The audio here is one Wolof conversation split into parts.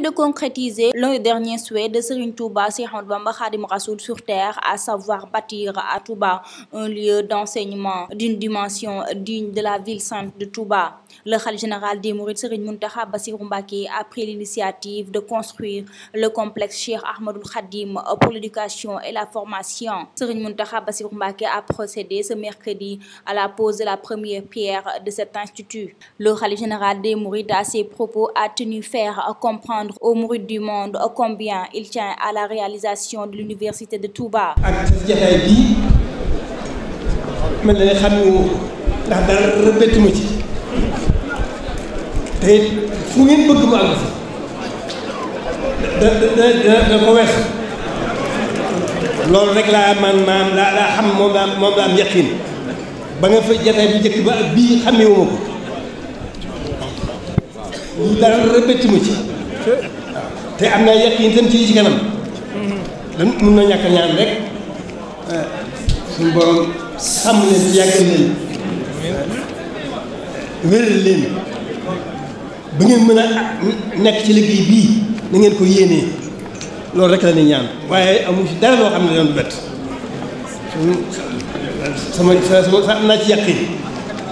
celui de concrétiser le dernier souhait de Serigne Touba Cheikh Ahmadou Bamba Khadimou Rassoul sur terre, à savoir bâtir à Touba un lieu d'enseignement d'une dimension digne de la ville sainte de Touba. Le Khalife général des Mourides Serigne Mountakha Bassirou a pris l'initiative de construire le complexe Cheikh Ahmadoul Khadim pour l'éducation et la formation. Serigne Mountakha Bassirou a procédé ce mercredi à la pose de la première pierre de cet institut. Le Khalife général des rendre Mourides du monde combien il tient à la réalisation de l'université de Touba. ak ci jotaay bii mel na ne xam ndax dara bettuma ci te fu ngeen bëgg mu àgg da da da ko weex loolu rek laa man maam laa laa xam moom laa moom laa am yaqin ba nga fa jotaay bu njëkk ba bii xamewuma ko lii dara bettuma ci. te am naa yaqin tam ci ci kanam lan mun na ñàkk ñaan rek suñu borom sàmm leen ci yàggal leen wéral leen ba ngeen mën a nekk ci liggéey bii na ngeen ko yéenee loolu rek la ni ñaan waaye amul ci dara loo xam ne doon bett sama sama am naa ci yaqin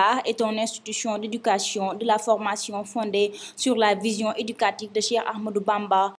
Touba est une institution d'éducation, de la formation fondée sur la vision éducatique de Cheikh Ahmadou Bamba.